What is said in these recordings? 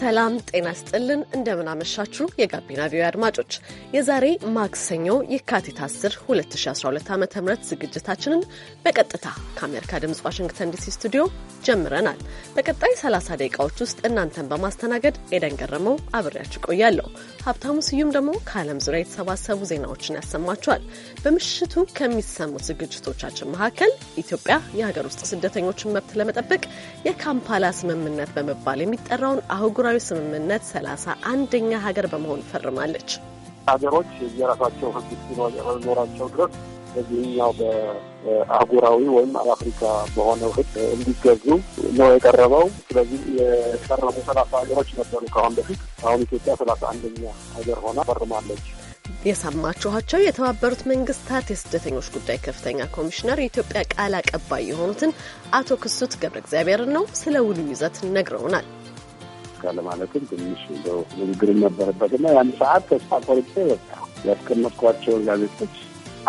ሰላም ጤና ስጥልን። እንደምናመሻችሁ የጋቢና ቪዮ አድማጮች የዛሬ ማክሰኞ የካቲት 10 2012 ዓ ም ዝግጅታችንን በቀጥታ ከአሜሪካ ድምፅ ዋሽንግተን ዲሲ ስቱዲዮ ጀምረናል። በቀጣይ 30 ደቂቃዎች ውስጥ እናንተን በማስተናገድ ኤደን ገረመው አብሬያችሁ ቆያለሁ። ሀብታሙ ስዩም ደግሞ ከዓለም ዙሪያ የተሰባሰቡ ዜናዎችን ያሰማችኋል። በምሽቱ ከሚሰሙት ዝግጅቶቻችን መካከል ኢትዮጵያ የሀገር ውስጥ ስደተኞችን መብት ለመጠበቅ የካምፓላ ስምምነት በመባል የሚጠራውን አህጉራዊ ስምምነት ሰላሳ አንደኛ ሀገር በመሆን ፈርማለች። ሀገሮች የራሳቸው ሕግ ሲኖራቸው ድረስ በዚህኛው በአህጉራዊ ወይም አፍሪካ በሆነው ህግ እንዲገዙ ነው የቀረበው። ስለዚህ የቀረቡ ሰላሳ ሀገሮች ነበሩ ከአሁን በፊት። አሁን ኢትዮጵያ ሰላሳ አንደኛ ሀገር ሆና ፈርማለች። የሰማችኋቸው የተባበሩት መንግስታት የስደተኞች ጉዳይ ከፍተኛ ኮሚሽነር የኢትዮጵያ ቃል አቀባይ የሆኑትን አቶ ክሱት ገብረ እግዚአብሔር ነው። ስለ ውሉ ይዘት ነግረውናል። ለማለትም ትንሽ ንግግር ነበረበትና ያን ሰዓት ተስፋ ቆርጬ በቃ ያስቀመጥኳቸውን ጋዜጦች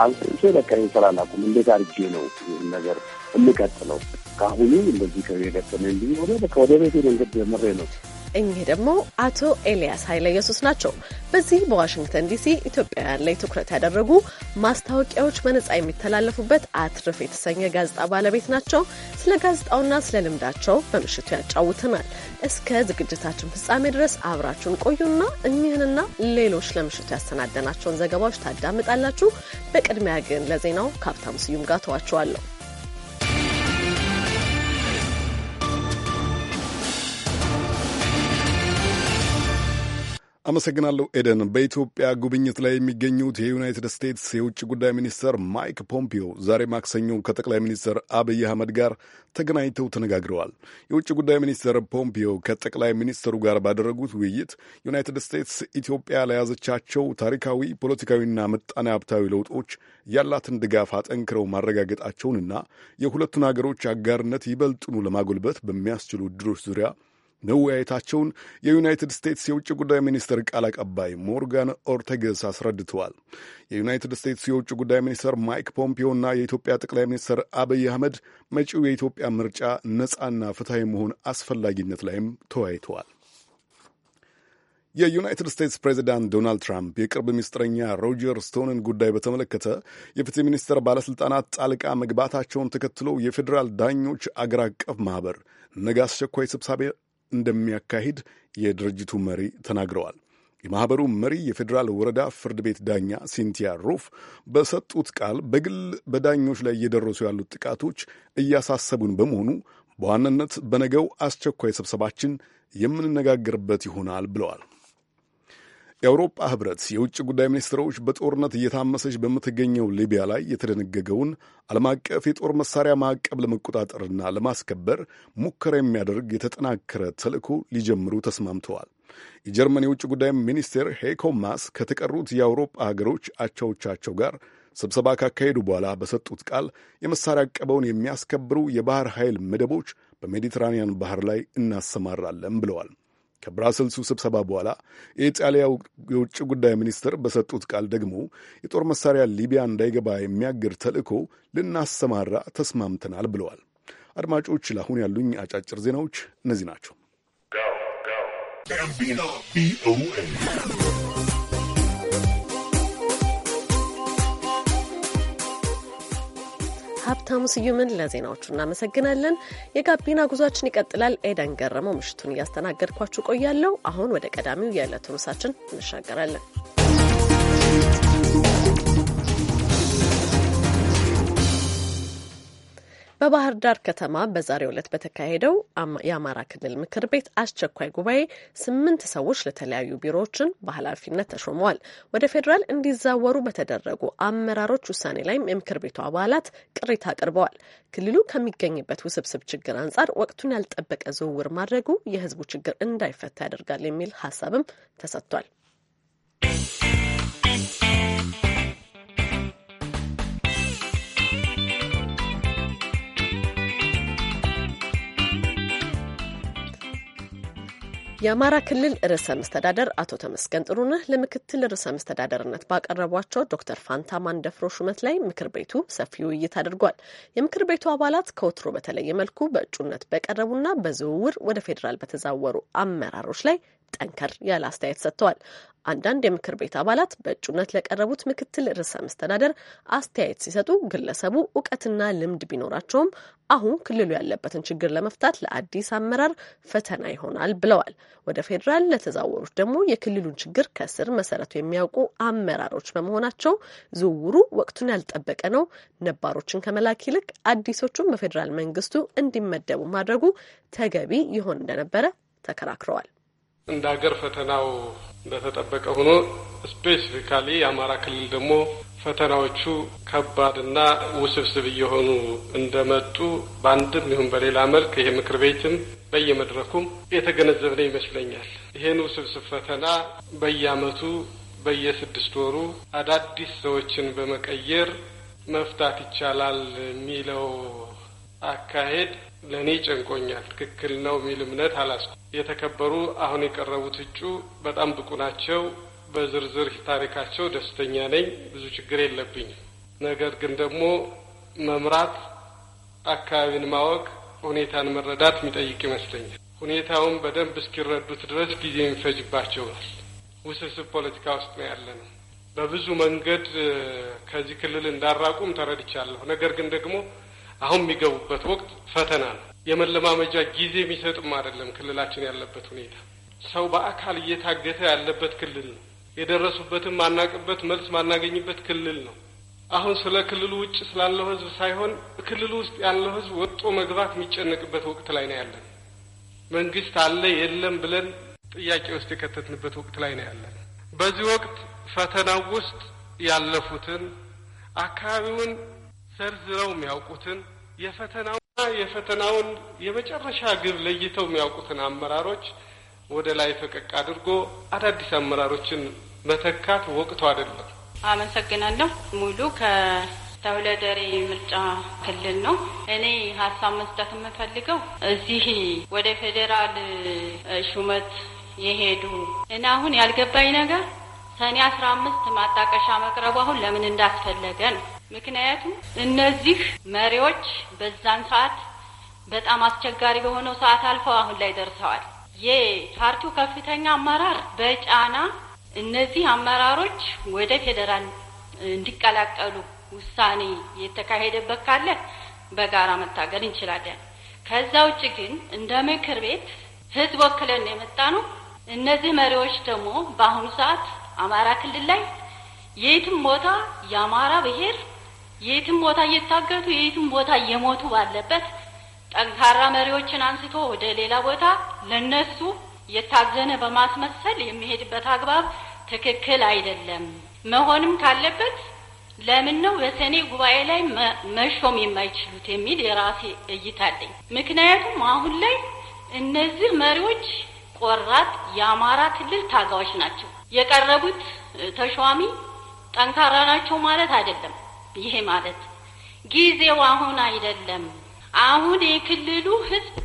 አንስቼ በቃ ይህን ስራ ላቁም፣ እንዴት አድርጌ ነው ይህን ነገር የምቀጥለው? ከአሁኑ እንደዚህ ከገጠመ እንዲህ ሆነ በቃ ወደ ቤቴ መንገድ ጀምሬ ነው እኚህ ደግሞ አቶ ኤልያስ ኃይለ ኢየሱስ ናቸው። በዚህ በዋሽንግተን ዲሲ ኢትዮጵያውያን ላይ ትኩረት ያደረጉ ማስታወቂያዎች በነጻ የሚተላለፉበት አትርፍ የተሰኘ ጋዜጣ ባለቤት ናቸው። ስለ ጋዜጣውና ስለ ልምዳቸው በምሽቱ ያጫውትናል። እስከ ዝግጅታችን ፍጻሜ ድረስ አብራችሁን ቆዩና እኚህንና ሌሎች ለምሽቱ ያሰናደናቸውን ዘገባዎች ታዳምጣላችሁ። በቅድሚያ ግን ለዜናው ከሀብታሙ ስዩም ጋር ተዋችኋለሁ። አመሰግናለሁ ኤደን። በኢትዮጵያ ጉብኝት ላይ የሚገኙት የዩናይትድ ስቴትስ የውጭ ጉዳይ ሚኒስትር ማይክ ፖምፒዮ ዛሬ ማክሰኞ ከጠቅላይ ሚኒስትር አብይ አህመድ ጋር ተገናኝተው ተነጋግረዋል። የውጭ ጉዳይ ሚኒስትር ፖምፒዮ ከጠቅላይ ሚኒስትሩ ጋር ባደረጉት ውይይት ዩናይትድ ስቴትስ ኢትዮጵያ ለያዘቻቸው ታሪካዊ፣ ፖለቲካዊና ምጣኔ ሀብታዊ ለውጦች ያላትን ድጋፍ አጠንክረው ማረጋገጣቸውንና የሁለቱን አገሮች አጋርነት ይበልጥኑ ለማጎልበት በሚያስችሉ እድሎች ዙሪያ መወያየታቸውን የዩናይትድ ስቴትስ የውጭ ጉዳይ ሚኒስትር ቃል አቀባይ ሞርጋን ኦርቴገስ አስረድተዋል። የዩናይትድ ስቴትስ የውጭ ጉዳይ ሚኒስትር ማይክ ፖምፒዮና የኢትዮጵያ ጠቅላይ ሚኒስትር አብይ አህመድ መጪው የኢትዮጵያ ምርጫ ነጻና ፍትሐዊ መሆን አስፈላጊነት ላይም ተወያይተዋል። የዩናይትድ ስቴትስ ፕሬዚዳንት ዶናልድ ትራምፕ የቅርብ ሚስጥረኛ ሮጀር ስቶንን ጉዳይ በተመለከተ የፍትህ ሚኒስቴር ባለሥልጣናት ጣልቃ መግባታቸውን ተከትሎ የፌዴራል ዳኞች አገር አቀፍ ማኅበር ነገ አስቸኳይ እንደሚያካሂድ የድርጅቱ መሪ ተናግረዋል። የማኅበሩ መሪ የፌዴራል ወረዳ ፍርድ ቤት ዳኛ ሲንቲያ ሩፍ በሰጡት ቃል በግል በዳኞች ላይ እየደረሱ ያሉት ጥቃቶች እያሳሰቡን በመሆኑ በዋናነት በነገው አስቸኳይ ስብሰባችን የምንነጋገርበት ይሆናል ብለዋል። የአውሮፓ ህብረት የውጭ ጉዳይ ሚኒስትሮች በጦርነት እየታመሰች በምትገኘው ሊቢያ ላይ የተደነገገውን ዓለም አቀፍ የጦር መሳሪያ ማዕቀብ ለመቆጣጠርና ለማስከበር ሙከራ የሚያደርግ የተጠናከረ ተልዕኮ ሊጀምሩ ተስማምተዋል። የጀርመን የውጭ ጉዳይ ሚኒስቴር ሄይኮ ማስ ከተቀሩት የአውሮፓ ሀገሮች አቻዎቻቸው ጋር ስብሰባ ካካሄዱ በኋላ በሰጡት ቃል የመሳሪያ አቀበውን የሚያስከብሩ የባህር ኃይል መደቦች በሜዲትራኒያን ባህር ላይ እናሰማራለን ብለዋል። ከብራሰልሱ ስብሰባ በኋላ የኢጣሊያ የውጭ ጉዳይ ሚኒስትር በሰጡት ቃል ደግሞ የጦር መሳሪያ ሊቢያ እንዳይገባ የሚያግድ ተልእኮ ልናሰማራ ተስማምተናል ብለዋል። አድማጮች፣ ለአሁን ያሉኝ አጫጭር ዜናዎች እነዚህ ናቸው። ሀብታሙ ስዩምን ለዜናዎቹ እናመሰግናለን። የጋቢና ጉዟችን ይቀጥላል። ኤደን ገረመው ምሽቱን እያስተናገድኳችሁ ቆያለሁ። አሁን ወደ ቀዳሚው የዕለቱ ምሳችን እንሻገራለን። በባህር ዳር ከተማ በዛሬው ዕለት በተካሄደው የአማራ ክልል ምክር ቤት አስቸኳይ ጉባኤ ስምንት ሰዎች ለተለያዩ ቢሮዎችን በኃላፊነት ተሾመዋል። ወደ ፌዴራል እንዲዛወሩ በተደረጉ አመራሮች ውሳኔ ላይም የምክር ቤቱ አባላት ቅሬታ አቅርበዋል። ክልሉ ከሚገኝበት ውስብስብ ችግር አንጻር ወቅቱን ያልጠበቀ ዝውውር ማድረጉ የህዝቡ ችግር እንዳይፈታ ያደርጋል የሚል ሀሳብም ተሰጥቷል። የአማራ ክልል ርዕሰ መስተዳደር አቶ ተመስገን ጥሩነህ ለምክትል ርዕሰ መስተዳደርነት ባቀረቧቸው ዶክተር ፋንታ ማንደፍሮ ሹመት ላይ ምክር ቤቱ ሰፊ ውይይት አድርጓል። የምክር ቤቱ አባላት ከወትሮ በተለየ መልኩ በእጩነት በቀረቡና በዝውውር ወደ ፌዴራል በተዛወሩ አመራሮች ላይ ጠንከር ያለ አስተያየት ሰጥተዋል። አንዳንድ የምክር ቤት አባላት በእጩነት ለቀረቡት ምክትል ርዕሰ መስተዳደር አስተያየት ሲሰጡ ግለሰቡ እውቀትና ልምድ ቢኖራቸውም አሁን ክልሉ ያለበትን ችግር ለመፍታት ለአዲስ አመራር ፈተና ይሆናል ብለዋል። ወደ ፌዴራል ለተዛወሩት ደግሞ የክልሉን ችግር ከስር መሰረቱ የሚያውቁ አመራሮች በመሆናቸው ዝውውሩ ወቅቱን ያልጠበቀ ነው። ነባሮችን ከመላክ ይልቅ አዲሶቹን በፌዴራል መንግስቱ እንዲመደቡ ማድረጉ ተገቢ ይሆን እንደነበረ ተከራክረዋል። እንደ ሀገር ፈተናው እንደተጠበቀ ሆኖ ስፔሲፊካሊ የአማራ ክልል ደግሞ ፈተናዎቹ ከባድና ውስብስብ እየሆኑ እንደመጡ በአንድም ይሁን በሌላ መልክ ይሄ ምክር ቤትም በየመድረኩም የተገነዘብነው ይመስለኛል። ይሄን ውስብስብ ፈተና በየአመቱ በየስድስት ወሩ አዳዲስ ሰዎችን በመቀየር መፍታት ይቻላል የሚለው አካሄድ ለእኔ ጨንቆኛል፣ ትክክል ነው የሚል እምነት አላስኩ። የተከበሩ አሁን የቀረቡት እጩ በጣም ብቁ ናቸው። በዝርዝር ታሪካቸው ደስተኛ ነኝ፣ ብዙ ችግር የለብኝም። ነገር ግን ደግሞ መምራት፣ አካባቢን ማወቅ፣ ሁኔታን መረዳት የሚጠይቅ ይመስለኛል። ሁኔታውን በደንብ እስኪረዱት ድረስ ጊዜ የሚፈጅባቸዋል። ውስብስብ ፖለቲካ ውስጥ ነው ያለ ነው። በብዙ መንገድ ከዚህ ክልል እንዳራቁም ተረድቻለሁ። ነገር ግን ደግሞ አሁን የሚገቡበት ወቅት ፈተና ነው። የመለማመጃ ጊዜ የሚሰጥም አይደለም። ክልላችን ያለበት ሁኔታ ሰው በአካል እየታገተ ያለበት ክልል ነው። የደረሱበትን ማናቅበት መልስ ማናገኝበት ክልል ነው። አሁን ስለ ክልሉ ውጭ ስላለው ህዝብ ሳይሆን ክልሉ ውስጥ ያለው ህዝብ ወጦ መግባት የሚጨነቅበት ወቅት ላይ ነው ያለን። መንግስት አለ የለም ብለን ጥያቄ ውስጥ የከተትንበት ወቅት ላይ ነው ያለን። በዚህ ወቅት ፈተናው ውስጥ ያለፉትን አካባቢውን ዘርዝረው የሚያውቁትን የፈተናውና የፈተናውን የመጨረሻ ግብ ለይተው የሚያውቁትን አመራሮች ወደ ላይ ፈቀቅ አድርጎ አዳዲስ አመራሮችን መተካት ወቅቱ አይደለም። አመሰግናለሁ። ሙሉ ከተውለደሬ ምርጫ ክልል ነው። እኔ ሀሳብ መስጠት የምፈልገው እዚህ ወደ ፌዴራል ሹመት የሄዱ እና አሁን ያልገባኝ ነገር ሰኔ አስራ አምስት ማጣቀሻ መቅረቡ አሁን ለምን እንዳስፈለገ ነው። ምክንያቱም እነዚህ መሪዎች በዛን ሰዓት በጣም አስቸጋሪ በሆነው ሰዓት አልፈው አሁን ላይ ደርሰዋል። የፓርቲው ከፍተኛ አመራር በጫና እነዚህ አመራሮች ወደ ፌዴራል እንዲቀላቀሉ ውሳኔ የተካሄደበት ካለ በጋራ መታገል እንችላለን። ከዛ ውጭ ግን እንደ ምክር ቤት ህዝብ ወክለን የመጣ ነው። እነዚህ መሪዎች ደግሞ በአሁኑ ሰዓት አማራ ክልል ላይ የትም ቦታ የአማራ ብሔር የትም ቦታ እየታገቱ የትም ቦታ እየሞቱ ባለበት ጠንካራ መሪዎችን አንስቶ ወደ ሌላ ቦታ ለነሱ የታዘነ በማስመሰል የሚሄድበት አግባብ ትክክል አይደለም። መሆንም ካለበት ለምን ነው በሰኔ ጉባኤ ላይ መሾም የማይችሉት የሚል የራሴ እይታ አለኝ። ምክንያቱም አሁን ላይ እነዚህ መሪዎች ቆራጥ የአማራ ክልል ታጋዎች ናቸው። የቀረቡት ተሿሚ ጠንካራ ናቸው ማለት አይደለም። ይሄ ማለት ጊዜው አሁን አይደለም። አሁን የክልሉ ህዝብ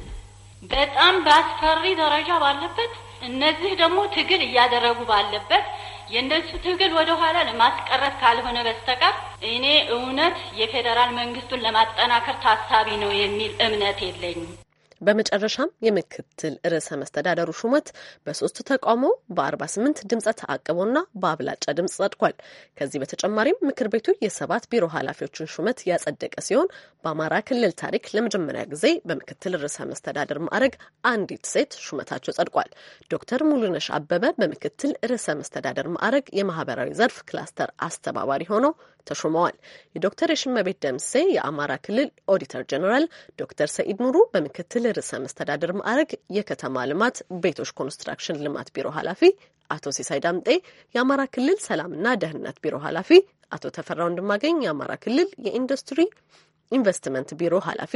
በጣም በአስፈሪ ደረጃ ባለበት፣ እነዚህ ደግሞ ትግል እያደረጉ ባለበት የእነሱ ትግል ወደ ኋላ ለማስቀረት ካልሆነ በስተቀር እኔ እውነት የፌዴራል መንግስቱን ለማጠናከር ታሳቢ ነው የሚል እምነት የለኝም። በመጨረሻም የምክትል ርዕሰ መስተዳደሩ ሹመት በሶስት ተቃውሞ በ48 ድምፀ ተአቅቦና በአብላጫ ድምፅ ጸድቋል። ከዚህ በተጨማሪም ምክር ቤቱ የሰባት ቢሮ ኃላፊዎችን ሹመት ያጸደቀ ሲሆን በአማራ ክልል ታሪክ ለመጀመሪያ ጊዜ በምክትል ርዕሰ መስተዳደር ማዕረግ አንዲት ሴት ሹመታቸው ጸድቋል። ዶክተር ሙሉነሽ አበበ በምክትል ርዕሰ መስተዳደር ማዕረግ የማህበራዊ ዘርፍ ክላስተር አስተባባሪ ሆነው ተሾመዋል። የዶክተር የሽመቤት ደምሴ የአማራ ክልል ኦዲተር ጀኔራል ዶክተር ሰኢድ ኑሩ በምክትል ርዕሰ መስተዳደር ማዕረግ የከተማ ልማት ቤቶች ኮንስትራክሽን ልማት ቢሮ ኃላፊ አቶ ሲሳይ ዳምጤ የአማራ ክልል ሰላምና ደህንነት ቢሮ ኃላፊ አቶ ተፈራው እንድማገኝ የአማራ ክልል የኢንዱስትሪ ኢንቨስትመንት ቢሮ ኃላፊ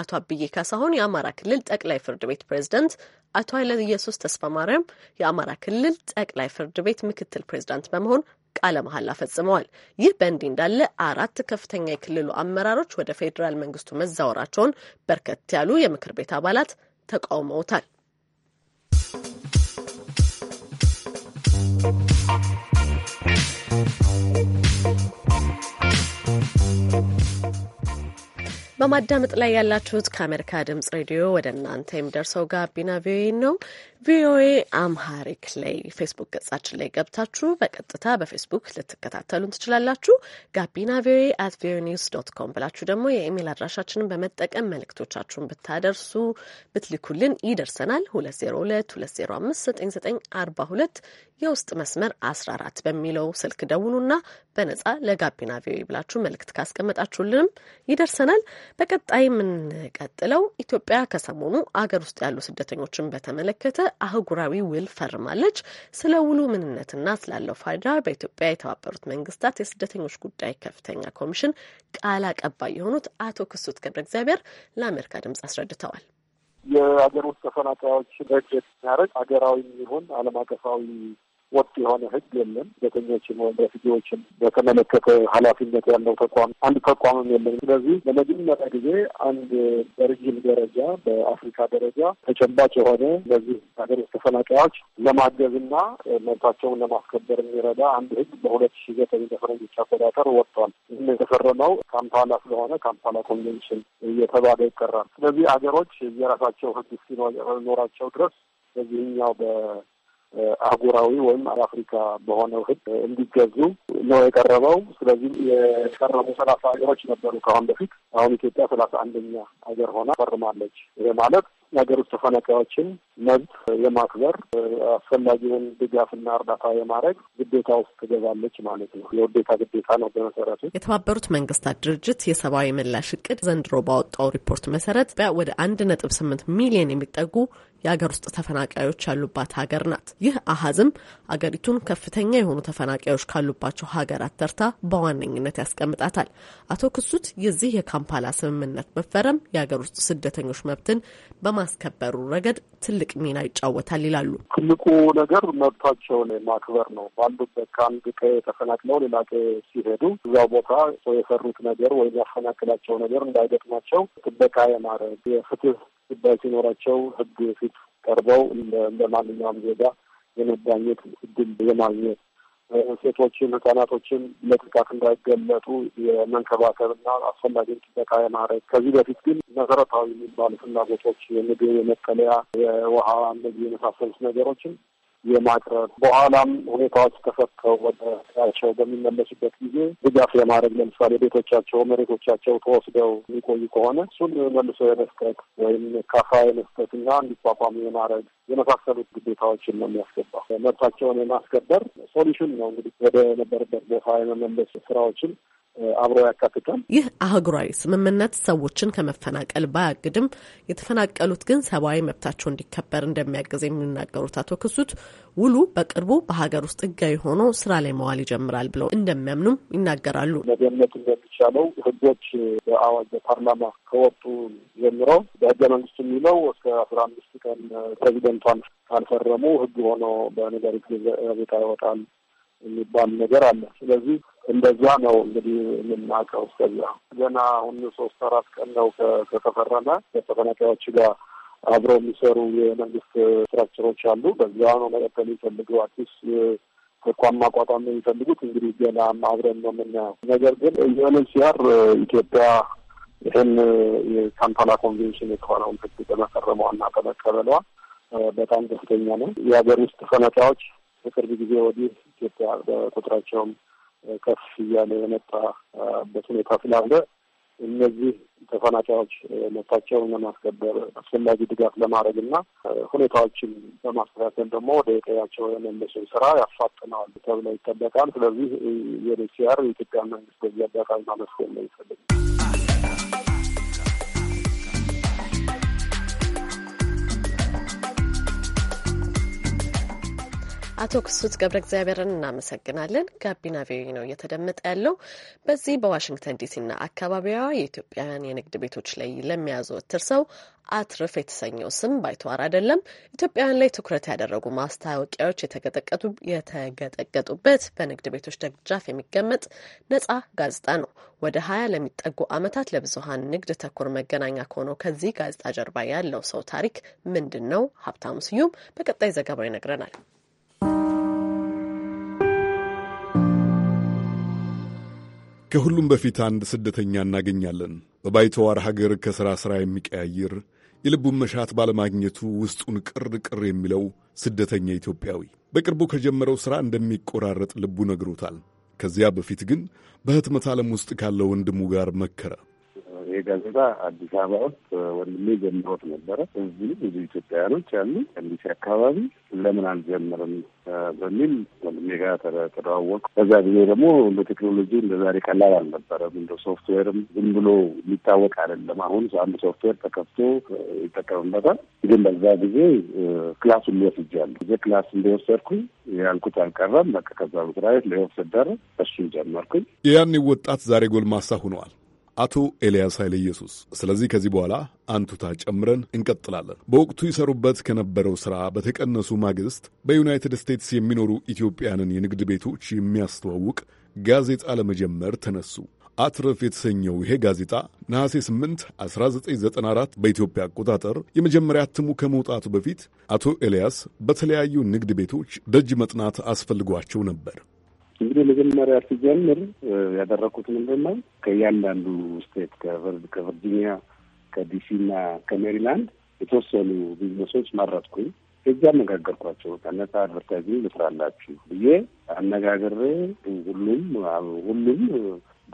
አቶ አብዬ ካሳሁን የአማራ ክልል ጠቅላይ ፍርድ ቤት ፕሬዝዳንት፣ አቶ ኃይለ ኢየሱስ ተስፋ ማርያም የአማራ ክልል ጠቅላይ ፍርድ ቤት ምክትል ፕሬዝዳንት በመሆን ቃለ መሐላ ፈጽመዋል። ይህ በእንዲህ እንዳለ አራት ከፍተኛ የክልሉ አመራሮች ወደ ፌዴራል መንግስቱ መዛወራቸውን በርከት ያሉ የምክር ቤት አባላት ተቃውመውታል። በማዳመጥ ላይ ያላችሁት ከአሜሪካ ድምጽ ሬዲዮ ወደ እናንተ የሚደርሰው ጋቢና ቪኦኤ ነው። ቪኦኤ አምሃሪክ ላይ ፌስቡክ ገጻችን ላይ ገብታችሁ በቀጥታ በፌስቡክ ልትከታተሉን ትችላላችሁ። ጋቢና ቪኦኤ አት ቪኦኤ ኒውስ ዶት ኮም ብላችሁ ደግሞ የኢሜይል አድራሻችንን በመጠቀም መልእክቶቻችሁን ብታደርሱ ብትልኩልን ይደርሰናል። 2022059942 የውስጥ መስመር 14 በሚለው ስልክ ደውሉና በነጻ ለጋቢና ቪኦኤ ብላችሁ መልእክት ካስቀመጣችሁልንም ይደርሰናል። በቀጣይ የምንቀጥለው ኢትዮጵያ ከሰሞኑ አገር ውስጥ ያሉ ስደተኞችን በተመለከተ አህጉራዊ ውል ፈርማለች። ስለ ውሉ ምንነትና ስላለው ፋይዳ በኢትዮጵያ የተባበሩት መንግስታት የስደተኞች ጉዳይ ከፍተኛ ኮሚሽን ቃል አቀባይ የሆኑት አቶ ክሱት ገብረ እግዚአብሔር ለአሜሪካ ድምጽ አስረድተዋል። የሀገር ውስጥ ተፈናቃዮች ሕግ የሚያደርግ ሀገራዊ ይሁን ዓለም አቀፋዊ ወጥ የሆነ ህግ የለም። ስደተኞችን ወይም ረፍጂዎችን በተመለከተ ኃላፊነት ያለው ተቋም አንድ ተቋምም የለም። ስለዚህ ለመጀመሪያ ጊዜ አንድ በረጅም ደረጃ በአፍሪካ ደረጃ ተጨባጭ የሆነ እነዚህ ሀገር ውስጥ ተፈናቃዮች ለማገዝና መብታቸውን ለማስከበር የሚረዳ አንድ ህግ በሁለት ሺ ዘጠኝ በፈረንጆች አቆጣጠር ወጥቷል። ይህም የተፈረመው ካምፓላ ስለሆነ ካምፓላ ኮንቬንሽን እየተባለ ይጠራል። ስለዚህ ሀገሮች የራሳቸው ህግ እስኪኖራቸው ድረስ በዚህኛው በ አህጉራዊ ወይም አፍሪካ በሆነው ህግ እንዲገዙ ነው የቀረበው። ስለዚህ የቀረቡ ሰላሳ ሀገሮች ነበሩ ከአሁን በፊት። አሁን ኢትዮጵያ ሰላሳ አንደኛ ሀገር ሆና ፈርማለች። ይሄ ማለት የሀገር ውስጥ ተፈናቃዮችን መብት የማክበር አስፈላጊውን ድጋፍና እርዳታ የማድረግ ግዴታ ውስጥ ትገዛለች ማለት ነው። የውዴታ ግዴታ ነው በመሰረቱ። የተባበሩት መንግስታት ድርጅት የሰብአዊ ምላሽ እቅድ ዘንድሮ ባወጣው ሪፖርት መሰረት ወደ አንድ ነጥብ ስምንት ሚሊዮን የሚጠጉ የአገር ውስጥ ተፈናቃዮች ያሉባት ሀገር ናት። ይህ አሀዝም አገሪቱን ከፍተኛ የሆኑ ተፈናቃዮች ካሉባቸው ሀገራት ተርታ በዋነኝነት ያስቀምጣታል። አቶ ክሱት የዚህ የካምፓላ ስምምነት መፈረም የአገር ውስጥ ስደተኞች መብትን በማስከበሩ ረገድ ትልቅ ሚና ይጫወታል ይላሉ። ትልቁ ነገር መብታቸውን ማክበር ነው። ባሉበት ከአንድ ቀዬ ተፈናቅለው ሌላ ቀዬ ሲሄዱ እዛው ቦታ ሰው የሰሩት ነገር ወይም ያፈናቅላቸው ነገር እንዳይገጥማቸው ጥበቃ የማድረግ የፍትህ ጉዳይ ሲኖራቸው ህግ ፊት ቀርበው እንደ ማንኛውም ዜጋ የመዳኘት እድል የማግኘት ሴቶችን፣ ህጻናቶችን ለጥቃት እንዳይገለጡ የመንከባከብና አስፈላጊን ጥበቃ የማድረግ ከዚህ በፊት ግን መሰረታዊ የሚባሉ ፍላጎቶች የምግብ፣ የመጠለያ፣ የውሃ እነዚህ የመሳሰሉት ነገሮችን የማቅረብ በኋላም ሁኔታዎች ተፈተው ወደ ስራቸው በሚመለሱበት ጊዜ ድጋፍ የማድረግ ለምሳሌ ቤቶቻቸው፣ መሬቶቻቸው ተወስደው የሚቆዩ ከሆነ እሱን መልሶ የመስጠት ወይም ካሳ የመስጠት እና እንዲቋቋሙ የማድረግ የመሳሰሉት ግዴታዎችን ነው የሚያስገባ። መብታቸውን የማስከበር ሶሉሽን ነው እንግዲህ ወደ ነበረበት ቦታ የመመለስ ስራዎችን አብሮ ያካትቷል። ይህ አህጉራዊ ስምምነት ሰዎችን ከመፈናቀል ባያግድም የተፈናቀሉት ግን ሰብአዊ መብታቸው እንዲከበር እንደሚያገዝ የሚናገሩት አቶ ክሱት ውሉ በቅርቡ በሀገር ውስጥ ሕጋዊ ሆኖ ስራ ላይ መዋል ይጀምራል ብለው እንደሚያምኑም ይናገራሉ። መገመት እንደሚቻለው ህጎች በአዋጅ በፓርላማ ከወጡ ጀምሮ በህገ መንግስት የሚለው እስከ አስራ አምስት ቀን ፕሬዚደንቷን ካልፈረሙ ህግ ሆኖ በነጋሪት ጋዜጣ ይወጣል የሚባል ነገር አለ። ስለዚህ እንደዛ ነው እንግዲህ የምናውቀው። እስከዚያ ገና አሁን ሶስት አራት ቀን ነው ከተፈረመ ከተፈናቃዮች ጋር አብረው የሚሰሩ የመንግስት ስትራክቸሮች አሉ። በዛ ነው መቀጠል የሚፈልገው አዲስ ተቋም ማቋቋም ነው የሚፈልጉት እንግዲህ ገና አብረን ነው የምናየው። ነገር ግን ዩኤንኤችሲአር ኢትዮጵያ ይህን የካምፓላ ኮንቬንሽን የተሆነውን ህግ በመፈረሟና በመቀበሏ በጣም ደስተኛ ነው። የሀገር ውስጥ ፈነቃዎች በቅርብ ጊዜ ወዲህ ኢትዮጵያ በቁጥራቸውም ከፍ እያለ የመጣበት ሁኔታ ስላለ እነዚህ ተፈናቃዮች መብታቸውን ለማስከበር አስፈላጊ ድጋፍ ለማድረግ እና ሁኔታዎችን በማስተካከል ደግሞ ወደ ቀያቸው የመለሱን ስራ ያፋጥነዋል ተብሎ ይጠበቃል። ስለዚህ የኔሲያር የኢትዮጵያ መንግስት በዚህ አጋጣሚ ማመስገን ነው ይፈልጋል። አቶ ክሱት ገብረ እግዚአብሔርን እናመሰግናለን። ጋቢና ቪኦኤ ነው እየተደመጠ ያለው። በዚህ በዋሽንግተን ዲሲና አካባቢዋ የኢትዮጵያውያን የንግድ ቤቶች ላይ ለሚያዘወትር ሰው አትርፍ የተሰኘው ስም ባይተዋር አይደለም። ኢትዮጵያውያን ላይ ትኩረት ያደረጉ ማስታወቂያዎች የተገጠገጡበት በንግድ ቤቶች ደጃፍ የሚቀመጥ ነጻ ጋዜጣ ነው። ወደ ሀያ ለሚጠጉ ዓመታት ለብዙሀን ንግድ ተኮር መገናኛ ከሆነው ከዚህ ጋዜጣ ጀርባ ያለው ሰው ታሪክ ምንድን ነው? ሀብታሙ ስዩም በቀጣይ ዘገባው ይነግረናል። ከሁሉም በፊት አንድ ስደተኛ እናገኛለን። በባይተዋር ሀገር ከሥራ ሥራ የሚቀያይር የልቡን መሻት ባለማግኘቱ ውስጡን ቅር ቅር የሚለው ስደተኛ ኢትዮጵያዊ በቅርቡ ከጀመረው ሥራ እንደሚቆራረጥ ልቡ ነግሮታል። ከዚያ በፊት ግን በሕትመት ዓለም ውስጥ ካለ ወንድሙ ጋር መከረ። ይሄ ጋዜጣ አዲስ አበባ ውስጥ ወንድሜ ጀምሮት ነበረ። እዚህ ብዙ ኢትዮጵያውያኖች ያሉ ከሚሴ አካባቢ ለምን አልጀምርም በሚል ወንድሜ ጋር ተደዋወቁ። በዛ ጊዜ ደግሞ እንደ ቴክኖሎጂ እንደ ዛሬ ቀላል አልነበረም። እንደ ሶፍትዌርም ዝም ብሎ የሚታወቅ አይደለም። አሁን አንድ ሶፍትዌር ተከፍቶ ይጠቀምበታል። ግን በዛ ጊዜ ክላስ ሊወስጃሉ ወስጃለሁ። እዚ ክላስ እንደወሰድኩ ያልኩት አልቀረም። በቃ ከዛ መስሪያ ቤት ለወሰደረ እሱን ጀመርኩኝ። ያኔ ወጣት ዛሬ ጎልማሳ ሆነዋል። አቶ ኤልያስ ኃይለ ኢየሱስ። ስለዚህ ከዚህ በኋላ አንቱታ ጨምረን እንቀጥላለን። በወቅቱ ይሰሩበት ከነበረው ሥራ በተቀነሱ ማግስት በዩናይትድ ስቴትስ የሚኖሩ ኢትዮጵያንን የንግድ ቤቶች የሚያስተዋውቅ ጋዜጣ ለመጀመር ተነሱ። አትረፍ የተሰኘው ይሄ ጋዜጣ ነሐሴ 8 1994 በኢትዮጵያ አቆጣጠር የመጀመሪያ እትሙ ከመውጣቱ በፊት አቶ ኤልያስ በተለያዩ ንግድ ቤቶች ደጅ መጥናት አስፈልጓቸው ነበር። እንግዲህ መጀመሪያ ሲጀምር ያደረኩት ምንድን ነው ከእያንዳንዱ ስቴት ከቨርጂኒያ፣ ከዲሲ እና ከሜሪላንድ የተወሰኑ ቢዝነሶች መረጥኩኝ። እዚህ አነጋገርኳቸው። ከነፃ አድቨርታይዚንግ ልስራላችሁ ብዬ አነጋግሬ ሁሉም ሁሉም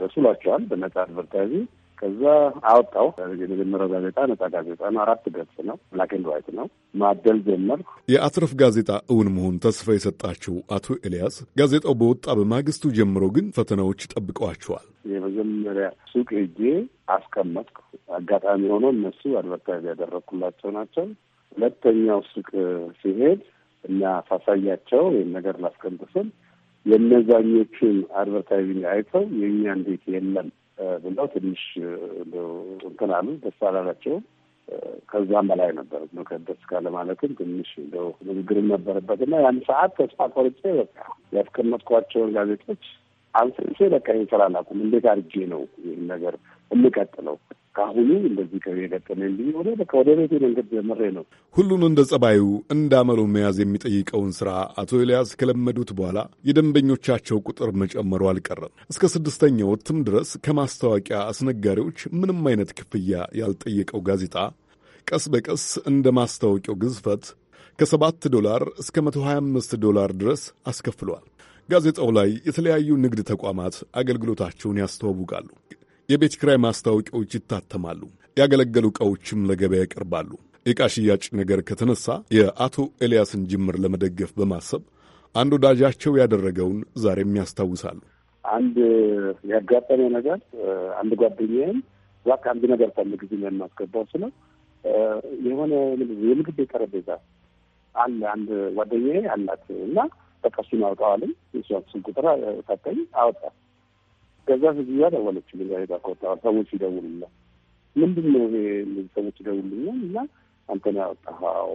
ደስ ብሏቸዋል። በነጻ አድቨርታይዚንግ ከዛ አወጣው የመጀመሪያው ጋዜጣ ነጻ ጋዜጣ ነው። አራት ገጽ ነው። ብላክ ኤንድ ዋይት ነው። ማደል ጀመርኩ። የአትረፍ ጋዜጣ እውን መሆን ተስፋ የሰጣቸው አቶ ኤልያስ ጋዜጣው በወጣ በማግስቱ ጀምሮ ግን ፈተናዎች ጠብቀዋቸዋል። የመጀመሪያ ሱቅ ሄጄ አስቀመጥኩ። አጋጣሚ ሆኖ እነሱ አድቨርታይዝ ያደረግኩላቸው ናቸው። ሁለተኛው ሱቅ ሲሄድ እና ሳሳያቸው ይህን ነገር ላስቀምጥ ስል የእነዛኞቹን አይተው የእኛን እንዴት የለም ብለው ትንሽ እንትን አሉ። ደስ አላላቸውም። ከዛም በላይ ነበር ደስ ካለ ማለትም ትንሽ እንደው ንግግርም ነበረበት እና ያን ሰዓት ተስፋ ቆርጬ በቃ ያስቀመጥኳቸውን ጋዜጦች አንስሴ በቃ ይህን ስራ ላቁም፣ እንዴት አድርጌ ነው ይህን ነገር እንቀጥለው ከአሁኑ እንደዚህ ከ የገጠመኝ ብዬ በቃ ወደ ቤቴ መንገድ ጀምሬ ነው። ሁሉን እንደ ጸባዩ እንዳመሉ መያዝ የሚጠይቀውን ስራ አቶ ኤልያስ ከለመዱት በኋላ የደንበኞቻቸው ቁጥር መጨመሩ አልቀረም። እስከ ስድስተኛ ወትም ድረስ ከማስታወቂያ አስነጋሪዎች ምንም አይነት ክፍያ ያልጠየቀው ጋዜጣ ቀስ በቀስ እንደ ማስታወቂያው ግዝፈት ከሰባት ዶላር እስከ 125 ዶላር ድረስ አስከፍሏል። ጋዜጣው ላይ የተለያዩ ንግድ ተቋማት አገልግሎታቸውን ያስተዋውቃሉ። የቤት ኪራይ ማስታወቂያዎች ይታተማሉ። ያገለገሉ ዕቃዎችም ለገበያ ይቀርባሉ። የዕቃ ሽያጭ ነገር ከተነሳ የአቶ ኤልያስን ጅምር ለመደገፍ በማሰብ አንድ ወዳጃቸው ያደረገውን ዛሬም ያስታውሳሉ። አንድ ያጋጠመው ነገር አንድ ጓደኛዬም ዋክ አንድ ነገር ፈልግ ጊዜ የማስገባው ስለው የሆነ የምግብ ጠረጴዛ አለ አንድ ጓደኛዬ አላት እና በቃ እሱን አውጣዋልም የሷን ስልክ ቁጥር ሰጠኝ አወጣ ከዛ ህዝብያ ደወለችልኝ ሄዳ ከወጣ ሰዎች ይደውሉና ምንድን ነው ይሄ ሰዎች ይደውሉልኛል እና አንተን ያወጣኸው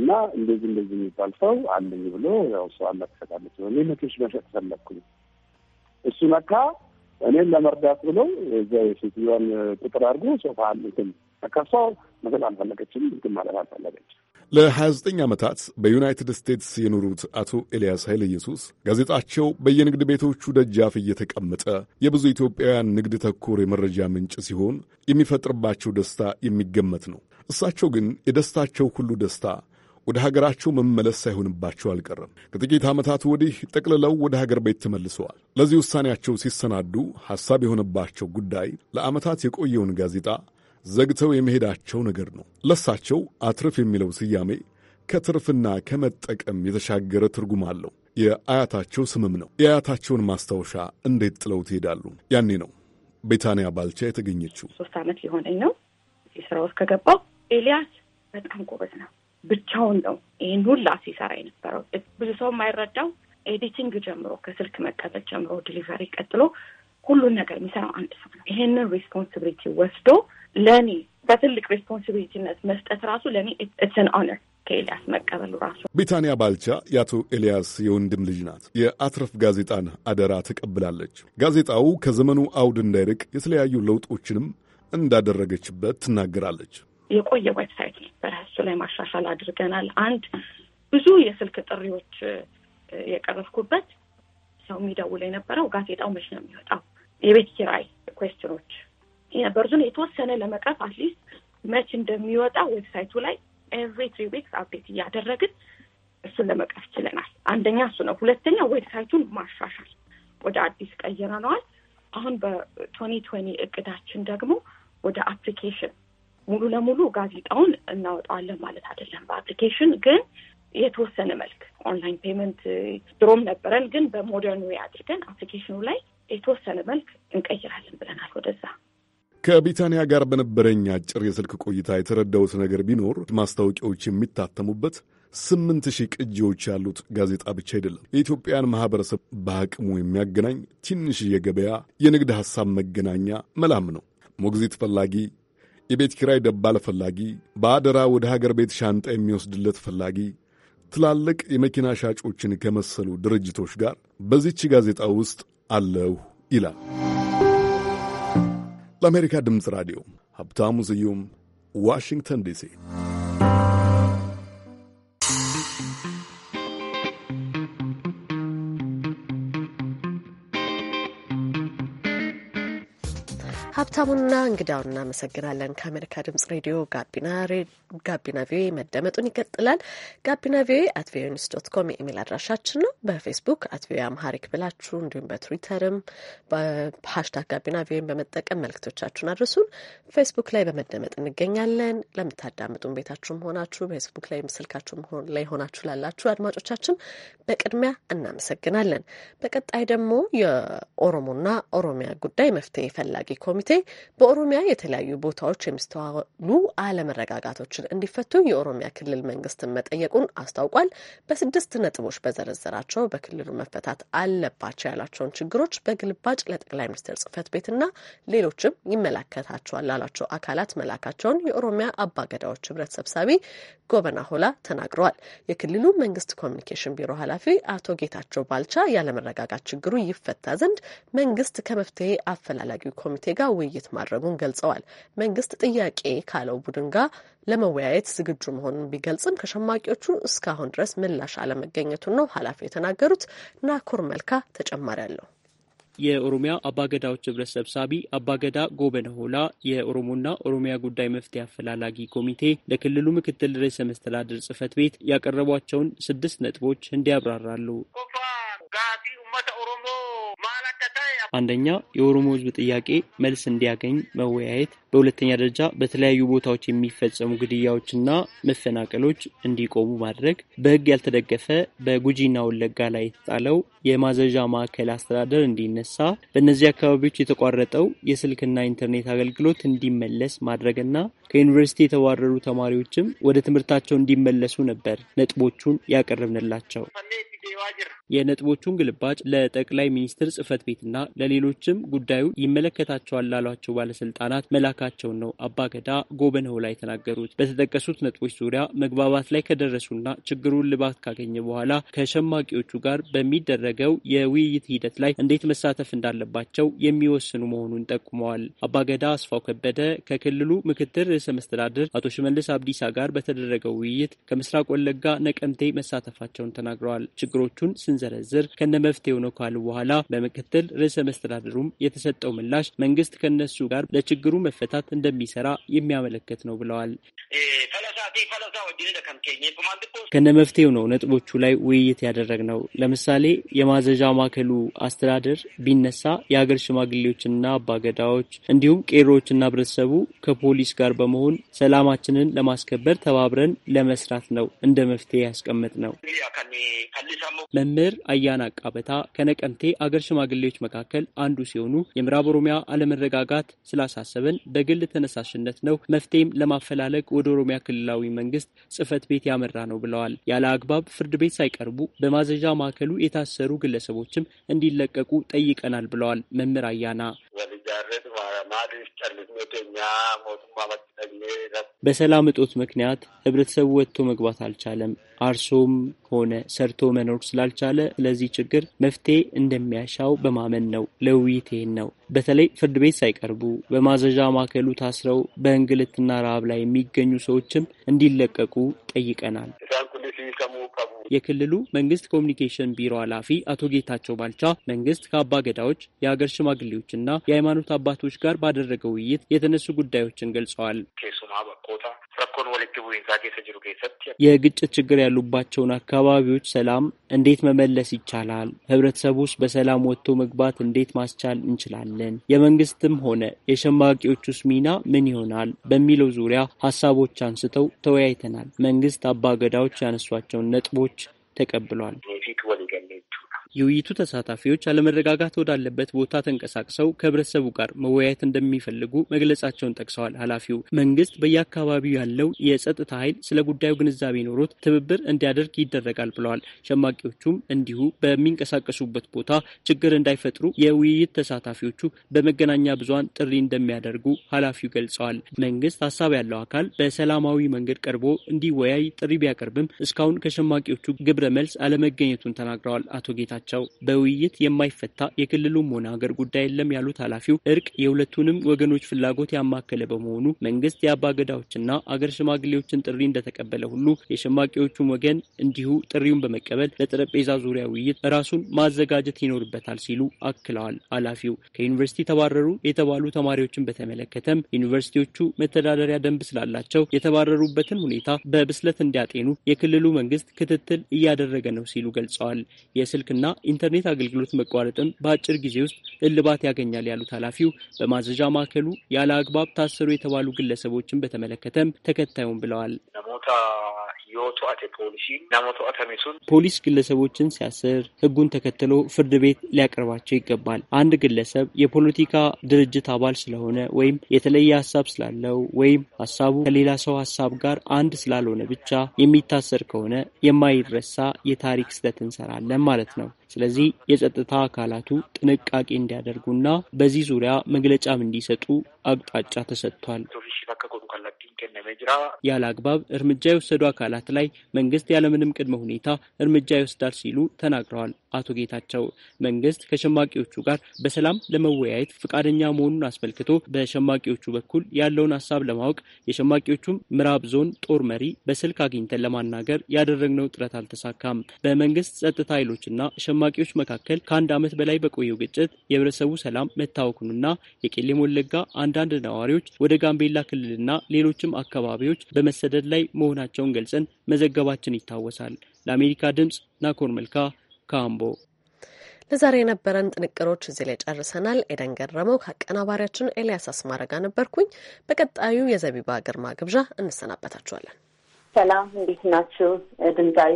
እና እንደዚህ እንደዚህ የሚባል ሰው አለኝ ብሎ ያው ሰው አላ ትሰጣለች ነው እኔ መቶች መሸጥ ፈለግኩኝ እሱ ነካ እኔን ለመርዳት ብሎ እዛ የሴትዮዋን ቁጥር አድርጎ ሶፋ እንትን ነካሷ መሰል አልፈለገችም እንትን ማለት አልፈለገችም ለ29 ዓመታት በዩናይትድ ስቴትስ የኖሩት አቶ ኤልያስ ኃይለ ኢየሱስ ጋዜጣቸው በየንግድ ቤቶቹ ደጃፍ እየተቀመጠ የብዙ ኢትዮጵያውያን ንግድ ተኮር የመረጃ ምንጭ ሲሆን የሚፈጥርባቸው ደስታ የሚገመት ነው። እሳቸው ግን የደስታቸው ሁሉ ደስታ ወደ ሀገራቸው መመለስ ሳይሆንባቸው አልቀረም። ከጥቂት ዓመታት ወዲህ ጠቅልለው ወደ ሀገር ቤት ተመልሰዋል። ለዚህ ውሳኔያቸው ሲሰናዱ ሐሳብ የሆነባቸው ጉዳይ ለዓመታት የቆየውን ጋዜጣ ዘግተው የመሄዳቸው ነገር ነው። ለሳቸው አትርፍ የሚለው ስያሜ ከትርፍና ከመጠቀም የተሻገረ ትርጉም አለው። የአያታቸው ስምም ነው። የአያታቸውን ማስታወሻ እንዴት ጥለው ትሄዳሉ? ያኔ ነው ቤታንያ ባልቻ የተገኘችው። ሶስት ዓመት ሊሆነኝ ነው ስራ ውስጥ ከገባው። ኤልያስ በጣም ጎበዝ ነው። ብቻውን ነው ይህን ሁላ ሲሰራ የነበረው። ብዙ ሰው የማይረዳው ኤዲቲንግ ጀምሮ ከስልክ መቀበል ጀምሮ ዲሊቨሪ ቀጥሎ ሁሉን ነገር የሚሰራው አንድ ሰው ነው። ይህንን ሪስፖንሲቢሊቲ ወስዶ ለእኔ በትልቅ ሬስፖንሲቢሊቲነት መስጠት ራሱ ለእኔ ኢትስን ኦነር ከኤልያስ መቀበሉ ራሱ። ቤታንያ ባልቻ የአቶ ኤልያስ የወንድም ልጅ ናት። የአትረፍ ጋዜጣን አደራ ተቀብላለች። ጋዜጣው ከዘመኑ አውድ እንዳይርቅ የተለያዩ ለውጦችንም እንዳደረገችበት ትናገራለች። የቆየ ዌብሳይት ነበረ፣ እሱ ላይ ማሻሻል አድርገናል። አንድ ብዙ የስልክ ጥሪዎች የቀረፍኩበት ሰው የሚደውል የነበረው ጋዜጣው መች ነው የሚወጣው፣ የቤት ኪራይ ኩዌስትኖች በርዙን የተወሰነ ለመቅረፍ አትሊስት መች እንደሚወጣ ዌብሳይቱ ላይ ኤቭሪ ትሪ ዊክስ አፕዴት እያደረግን እሱን ለመቅረፍ ችለናል። አንደኛ እሱ ነው። ሁለተኛ ዌብሳይቱን ማሻሻል ወደ አዲስ ቀይረነዋል። አሁን በቶኒ ቶኒ እቅዳችን ደግሞ ወደ አፕሊኬሽን ሙሉ ለሙሉ ጋዜጣውን እናወጣዋለን ማለት አይደለም። በአፕሊኬሽን ግን የተወሰነ መልክ ኦንላይን ፔመንት ድሮም ነበረን፣ ግን በሞደርን ዌይ አድርገን አፕሊኬሽኑ ላይ የተወሰነ መልክ እንቀይራለን ብለናል። ወደዛ ከቢታንያ ጋር በነበረኝ አጭር የስልክ ቆይታ የተረዳሁት ነገር ቢኖር ማስታወቂያዎች የሚታተሙበት ስምንት ሺህ ቅጂዎች ያሉት ጋዜጣ ብቻ አይደለም። የኢትዮጵያን ማህበረሰብ በአቅሙ የሚያገናኝ ትንሽ የገበያ የንግድ ሐሳብ መገናኛ መላም ነው። ሞግዚት ፈላጊ፣ የቤት ኪራይ ደባል ፈላጊ፣ በአደራ ወደ ሀገር ቤት ሻንጣ የሚወስድለት ፈላጊ ትላልቅ የመኪና ሻጮችን ከመሰሉ ድርጅቶች ጋር በዚች ጋዜጣ ውስጥ አለሁ ይላል። ለአሜሪካ ድምፅ ራዲዮ ሀብታሙ ስዩም ዋሽንግተን ዲሲ ሀብታሙና እንግዳውን እናመሰግናለን። ከአሜሪካ ድምጽ ሬዲዮ ጋቢና ቪኦኤ መደመጡን ይቀጥላል። ጋቢና ቪኦኤ አት ቪኦኤ ኒውስ ዶት ኮም የኢሜል አድራሻችን ነው። በፌስቡክ አት ቪኦኤ አምሃሪክ ብላችሁ እንዲሁም በትዊተርም በሀሽታግ ጋቢና ቪኦኤን በመጠቀም መልክቶቻችሁን አድርሱን። ፌስቡክ ላይ በመደመጥ እንገኛለን። ለምታዳምጡን ቤታችሁም ሆናችሁ ፌስቡክ ላይ ስልካችሁ ላይ ሆናችሁ ላላችሁ አድማጮቻችን በቅድሚያ እናመሰግናለን። በቀጣይ ደግሞ የኦሮሞና ኦሮሚያ ጉዳይ መፍትሄ ፈላጊ ኮሚቴ በኦሮሚያ የተለያዩ ቦታዎች የሚስተዋሉ አለመረጋጋቶችን እንዲፈቱ የኦሮሚያ ክልል መንግስትን መጠየቁን አስታውቋል። በስድስት ነጥቦች በዘረዘራቸው በክልሉ መፈታት አለባቸው ያላቸውን ችግሮች በግልባጭ ለጠቅላይ ሚኒስትር ጽህፈት ቤትና ሌሎችም ይመለከታቸዋል ላላቸው አካላት መላካቸውን የኦሮሚያ አባገዳዎች ህብረት ሰብሳቢ ጎበና ሆላ ተናግረዋል። የክልሉ መንግስት ኮሚኒኬሽን ቢሮ ኃላፊ አቶ ጌታቸው ባልቻ ያለመረጋጋት ችግሩ ይፈታ ዘንድ መንግስት ከመፍትሄ አፈላላጊ ኮሚቴ ጋር ውይይት ማድረጉን ገልጸዋል። መንግስት ጥያቄ ካለው ቡድን ጋር ለመወያየት ዝግጁ መሆኑን ቢገልጽም ከሸማቂዎቹ እስካሁን ድረስ ምላሽ አለመገኘቱን ነው ኃላፊው የተናገሩት። ናኮር መልካ ተጨማሪ አለው። የኦሮሚያ አባገዳዎች ህብረት ሰብሳቢ አባገዳ ጎበነ ሆላ የኦሮሞና ኦሮሚያ ጉዳይ መፍትሄ አፈላላጊ ኮሚቴ ለክልሉ ምክትል ርዕሰ መስተዳድር ጽህፈት ቤት ያቀረቧቸውን ስድስት ነጥቦች እንዲያብራራሉ። አንደኛ የኦሮሞ ህዝብ ጥያቄ መልስ እንዲያገኝ መወያየት፣ በሁለተኛ ደረጃ በተለያዩ ቦታዎች የሚፈጸሙ ግድያዎችና መፈናቀሎች እንዲቆሙ ማድረግ፣ በህግ ያልተደገፈ በጉጂና ወለጋ ላይ የተጣለው የማዘዣ ማዕከል አስተዳደር እንዲነሳ፣ በእነዚህ አካባቢዎች የተቋረጠው የስልክና ኢንተርኔት አገልግሎት እንዲመለስ ማድረግና ከዩኒቨርሲቲ የተባረሩ ተማሪዎችም ወደ ትምህርታቸው እንዲመለሱ ነበር ነጥቦቹን ያቀረብንላቸው። የነጥቦቹን ግልባጭ ለጠቅላይ ሚኒስትር ጽህፈት ቤትና ለሌሎችም ጉዳዩ ይመለከታቸዋል ላሏቸው ባለስልጣናት መላካቸውን ነው አባገዳ ጎበነው ላይ የተናገሩት። በተጠቀሱት ነጥቦች ዙሪያ መግባባት ላይ ከደረሱና ችግሩን ልባት ካገኘ በኋላ ከሸማቂዎቹ ጋር በሚደረገው የውይይት ሂደት ላይ እንዴት መሳተፍ እንዳለባቸው የሚወስኑ መሆኑን ጠቁመዋል። አባገዳ አስፋው ከበደ ከክልሉ ምክትል ርዕሰ መስተዳድር አቶ ሽመልስ አብዲሳ ጋር በተደረገው ውይይት ከምስራቅ ወለጋ ነቀምቴ መሳተፋቸውን ተናግረዋል። ችግሮቹን ስንዘረዝር ከነ መፍትሄው ነው ካሉ በኋላ በምክትል ርዕሰ መስተዳድሩም የተሰጠው ምላሽ መንግስት ከነሱ ጋር ለችግሩ መፈታት እንደሚሰራ የሚያመለክት ነው ብለዋል። ከነ መፍትሄው ነው ነጥቦቹ ላይ ውይይት ያደረግነው። ለምሳሌ የማዘዣ ማዕከሉ አስተዳደር ቢነሳ የሀገር ሽማግሌዎችና አባገዳዎች እንዲሁም ቄሮዎችና ህብረተሰቡ ከፖሊስ ጋር በመሆን ሰላማችንን ለማስከበር ተባብረን ለመስራት ነው እንደ መፍትሄ ያስቀመጥ ነው። መምህር አያና አቃበታ ከነቀምቴ አገር ሽማግሌዎች መካከል አንዱ ሲሆኑ የምዕራብ ኦሮሚያ አለመረጋጋት ስላሳሰበን በግል ተነሳሽነት ነው መፍትሄም ለማፈላለግ ወደ ኦሮሚያ ክልል የብሔራዊ መንግስት ጽህፈት ቤት ያመራ ነው ብለዋል። ያለ አግባብ ፍርድ ቤት ሳይቀርቡ በማዘዣ ማዕከሉ የታሰሩ ግለሰቦችም እንዲለቀቁ ጠይቀናል ብለዋል መምህር አያና በሰላም እጦት ምክንያት ህብረተሰቡ ወጥቶ መግባት አልቻለም። አርሶም ሆነ ሰርቶ መኖር ስላልቻለ ስለዚህ ችግር መፍትሄ እንደሚያሻው በማመን ነው። ለውይይት ይህን ነው። በተለይ ፍርድ ቤት ሳይቀርቡ በማዘዣ ማዕከሉ ታስረው በእንግልትና ረሃብ ላይ የሚገኙ ሰዎችም እንዲለቀቁ ጠይቀናል። የክልሉ መንግስት ኮሚኒኬሽን ቢሮ ኃላፊ አቶ ጌታቸው ባልቻ መንግስት ከአባ ገዳዎች፣ የሀገር ሽማግሌዎችና የሃይማኖት አባቶች ጋር ባደረገው ውይይት የተነሱ ጉዳዮችን ገልጸዋል። የግጭት ችግር ያሉባቸውን አካባቢዎች ሰላም እንዴት መመለስ ይቻላል? ህብረተሰቡ ውስጥ በሰላም ወጥቶ መግባት እንዴት ማስቻል እንችላለን? የመንግስትም ሆነ የሸማቂዎቹስ ሚና ምን ይሆናል? በሚለው ዙሪያ ሀሳቦች አንስተው ተወያይተናል። መንግስት አባገዳዎች ያነሷቸውን ነጥቦች ተቀብሏል። የውይይቱ ተሳታፊዎች አለመረጋጋት ወዳለበት ቦታ ተንቀሳቅሰው ከህብረተሰቡ ጋር መወያየት እንደሚፈልጉ መግለጻቸውን ጠቅሰዋል። ኃላፊው መንግስት በየአካባቢው ያለው የጸጥታ ኃይል ስለ ጉዳዩ ግንዛቤ ኖሮት ትብብር እንዲያደርግ ይደረጋል ብለዋል። ሸማቂዎቹም እንዲሁ በሚንቀሳቀሱበት ቦታ ችግር እንዳይፈጥሩ የውይይት ተሳታፊዎቹ በመገናኛ ብዙሃን ጥሪ እንደሚያደርጉ ኃላፊው ገልጸዋል። መንግስት ሀሳብ ያለው አካል በሰላማዊ መንገድ ቀርቦ እንዲወያይ ጥሪ ቢያቀርብም እስካሁን ከሸማቂዎቹ ግብረ መልስ አለመገኘቱን ተናግረዋል። አቶ ጌታ ናቸው። በውይይት የማይፈታ የክልሉም ሆነ ሀገር ጉዳይ የለም ያሉት ኃላፊው እርቅ የሁለቱንም ወገኖች ፍላጎት ያማከለ በመሆኑ መንግስት የአባገዳዎችና አገር ሽማግሌዎችን ጥሪ እንደተቀበለ ሁሉ የሸማቂዎቹም ወገን እንዲሁ ጥሪውን በመቀበል ለጠረጴዛ ዙሪያ ውይይት ራሱን ማዘጋጀት ይኖርበታል ሲሉ አክለዋል። ኃላፊው ከዩኒቨርሲቲ ተባረሩ የተባሉ ተማሪዎችን በተመለከተም ዩኒቨርሲቲዎቹ መተዳደሪያ ደንብ ስላላቸው የተባረሩበትን ሁኔታ በብስለት እንዲያጤኑ የክልሉ መንግስት ክትትል እያደረገ ነው ሲሉ ገልጸዋል። የስልክና ኢንተርኔት አገልግሎት መቋረጥም በአጭር ጊዜ ውስጥ እልባት ያገኛል ያሉት ኃላፊው በማዘዣ ማዕከሉ ያለ አግባብ ታሰሩ የተባሉ ግለሰቦችን በተመለከተም ተከታዩም ብለዋል። ፖሊስ ግለሰቦችን ሲያስር ህጉን ተከትሎ ፍርድ ቤት ሊያቀርባቸው ይገባል። አንድ ግለሰብ የፖለቲካ ድርጅት አባል ስለሆነ ወይም የተለየ ሀሳብ ስላለው ወይም ሀሳቡ ከሌላ ሰው ሀሳብ ጋር አንድ ስላልሆነ ብቻ የሚታሰር ከሆነ የማይረሳ የታሪክ ስህተት እንሰራለን ማለት ነው። ስለዚህ የጸጥታ አካላቱ ጥንቃቄ እንዲያደርጉና በዚህ ዙሪያ መግለጫም እንዲሰጡ አቅጣጫ ተሰጥቷል። ያለ አግባብ እርምጃ የወሰዱ አካላት አካላት ላይ መንግስት ያለምንም ቅድመ ሁኔታ እርምጃ ይወስዳል ሲሉ ተናግረዋል። አቶ ጌታቸው መንግስት ከሸማቂዎቹ ጋር በሰላም ለመወያየት ፈቃደኛ መሆኑን አስመልክቶ በሸማቂዎቹ በኩል ያለውን ሀሳብ ለማወቅ የሸማቂዎቹም ምዕራብ ዞን ጦር መሪ በስልክ አግኝተን ለማናገር ያደረግነው ጥረት አልተሳካም። በመንግስት ጸጥታ ኃይሎችና ሸማቂዎች መካከል ከአንድ ዓመት በላይ በቆየው ግጭት የህብረተሰቡ ሰላም መታወኩንና የቄሌ ሞለጋ አንዳንድ ነዋሪዎች ወደ ጋምቤላ ክልልና ሌሎችም አካባቢዎች በመሰደድ ላይ መሆናቸውን ገልጸን መዘገባችን ይታወሳል። ለአሜሪካ ድምፅ ናኮር መልካ ካምቦ። ለዛሬ የነበረን ጥንቅሮች እዚህ ላይ ጨርሰናል። ኤደን ገረመው ከአቀናባሪያችን ኤልያስ አስማረጋ ነበርኩኝ። በቀጣዩ የዘቢባ ግርማ ግብዣ እንሰናበታችኋለን። ሰላም፣ እንዴት ናችሁ? ድምፃዊ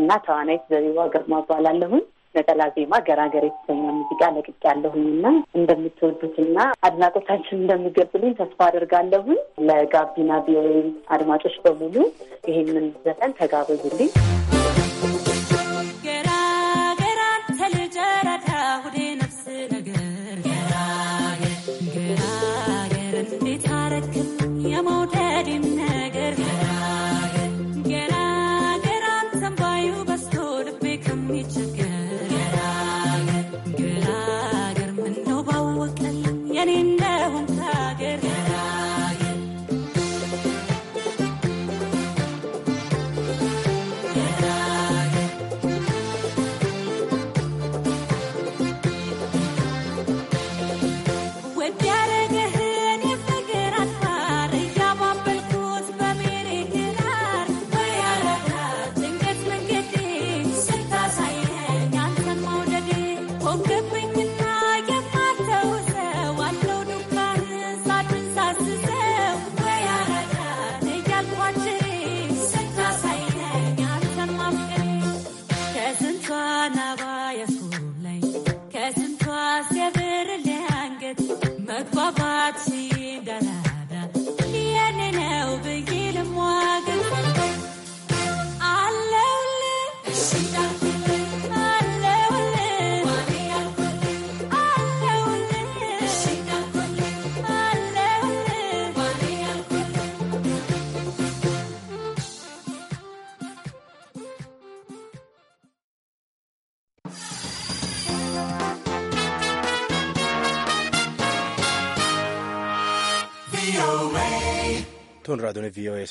እና ተዋናይት ዘቢባ ግርማ እባላለሁኝ። ነጠላ ዜማ ገራገር የተሰኘ ሙዚቃ ለቅቅ ያለሁኝ እና እንደምትወዱትና አድናቆታችን እንደሚገብልኝ ተስፋ አደርጋለሁኝ። ለጋቢና ቪኦኤ አድማጮች በሙሉ ይህንን ዘፈን ተጋበዙልኝ። Con me.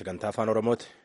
sagantaa afaan oromooti.